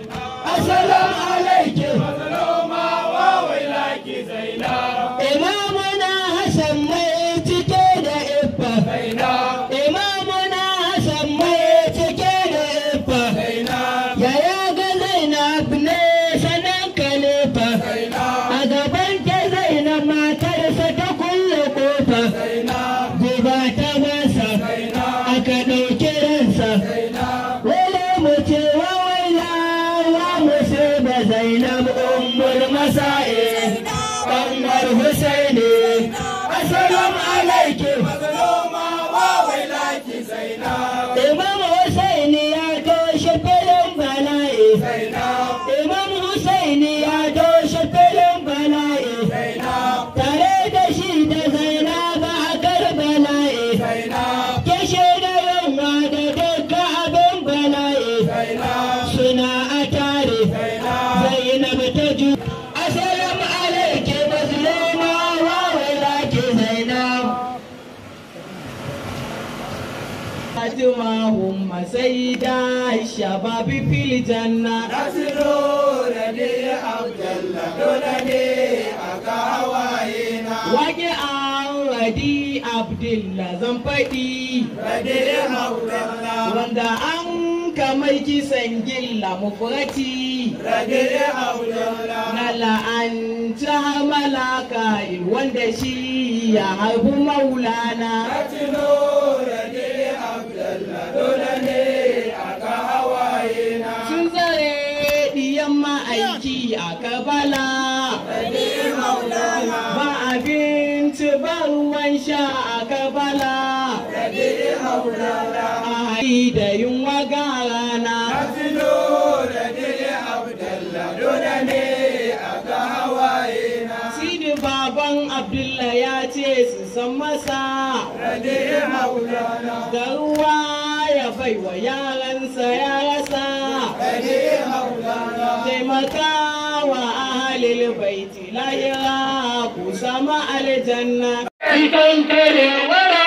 السلام عليك مظلومة وويلك زينب إمامنا حسن ميت كيد إبا زينب إمامنا حسن ميت كيد إبا زينب يا يا زينب ne sanan kalifa a gaban ta zainab matarsa ta kulle kofa gobe ta masa aka ɗau da zainab ummul masa'i Ammar Husaini Assalamu alaikum Mazluma wa wailaki Zainab Imam Husaini ya toshe filin bala'i Zainab Katima, Umma, Saida, Shababi, Filistana. Katsino da ke a Abudallah. Ko ta ke a kawayena? Wa ke a Harun Wanda an kamar ki sangin lamuferati? Ka je a wulona. Na la'anta ma laka yi wanda shi ya haifu ma aiki a kabala ba abinci ba ruwan sha a kabala a da yunwa garana Sidi baban Abdullah ya ce su san masa da ruwa ya baiwa yaransa ya rasa. taimaka wa ahalil baiti lahira ku sama aljanna. Cikin kare wara